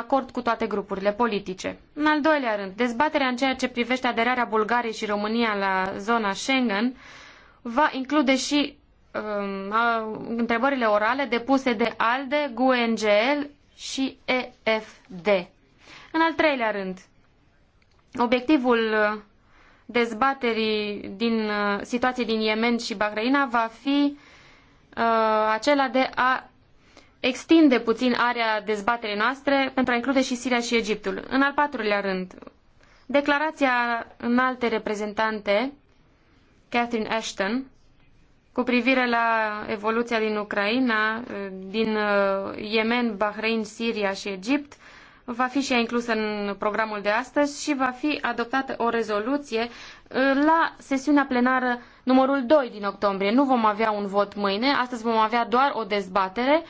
acord cu toate grupurile politice. În al doilea rând, dezbaterea în ceea ce privește aderarea Bulgariei și România la zona Schengen va include și um, întrebările orale depuse de ALDE, GUNGL și EFD. În al treilea rând, obiectivul dezbaterii din uh, situației din Yemen și Bahrain va fi uh, acela de a extinde puțin area dezbaterii noastre pentru a include și Siria și Egiptul. În al patrulea rând, declarația în alte reprezentante, Catherine Ashton, cu privire la evoluția din Ucraina, din uh, Yemen, Bahrain, Siria și Egipt, va fi și ea inclusă în programul de astăzi și va fi adoptată o rezoluție uh, la sesiunea plenară numărul 2 din octombrie. Nu vom avea un vot mâine, astăzi vom avea doar o dezbatere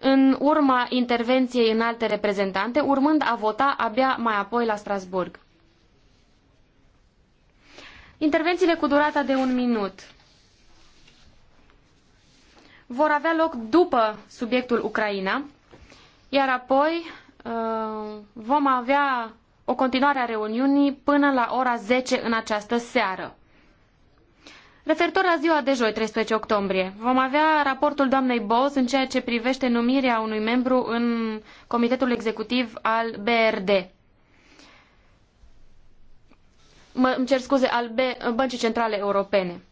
în urma intervenției în alte reprezentante, urmând a vota abia mai apoi la Strasbourg. Intervențiile cu durata de un minut vor avea loc după subiectul Ucraina, iar apoi uh, vom avea o continuare a reuniunii până la ora zece în această seară. Referitor la ziua de joi, 13 octombrie, vom avea raportul doamnei Bowes în ceea ce privește numirea unui membru în Comitetul Executiv al BRD. Mă, îmi cer scuze, al B, Băncii Centrale Europene.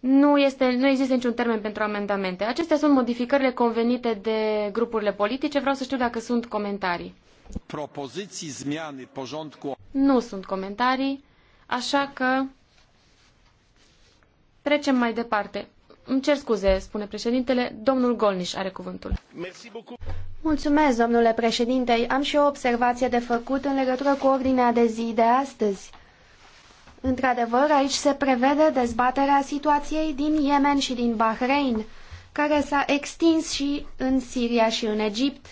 Nu, este, nu există niciun termen pentru amendamente. Acestea sunt modificările convenite de grupurile politice. Vreau să știu dacă sunt comentarii. Propoziții zmiany porządku. Nu sunt comentarii, așa că Trecem mai departe. Îmi cer scuze, spune președintele. Domnul Golniș are cuvântul. Mulțumesc, domnule președinte. Am și o observație de făcut în legătură cu ordinea de zi de astăzi. Într-adevăr, aici se prevede dezbaterea situației din Yemen și din Bahrain, care s-a extins și în Siria și în Egipt.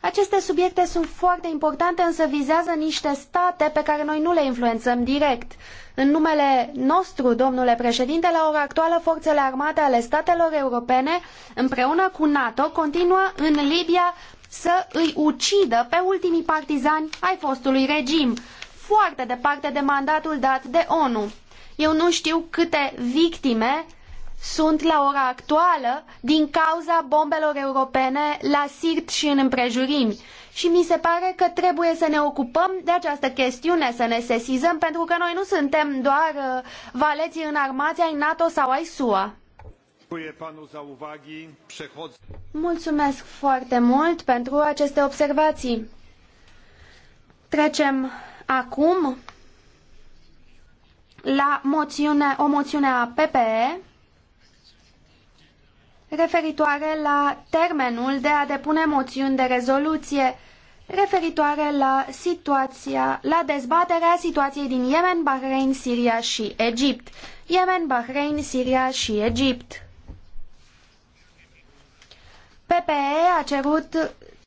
Aceste subiecte sunt foarte importante, însă vizează niște state pe care noi nu le influențăm direct. În numele nostru, domnule președinte, la ora actuală, forțele armate ale statelor europene, împreună cu NATO, continuă în Libia să îi ucidă pe ultimii partizani ai fostului regim, foarte departe de mandatul dat de ONU. Eu nu știu câte victime sunt la ora actuală din cauza bombelor europene la Sirt și în împrejurimi. Și mi se pare că trebuie să ne ocupăm de această chestiune, să ne sesizăm, pentru că noi nu suntem doar uh, în înarmați ai NATO sau ai SUA. Mulțumesc foarte mult pentru aceste observații. Trecem acum la moțiune, o moțiune a PPE referitoare la termenul de a depune moțiuni de rezoluție referitoare la situația, la dezbaterea situației din Yemen, Bahrain, Siria și Egipt. Yemen, Bahrain, Siria și Egipt. PPE a cerut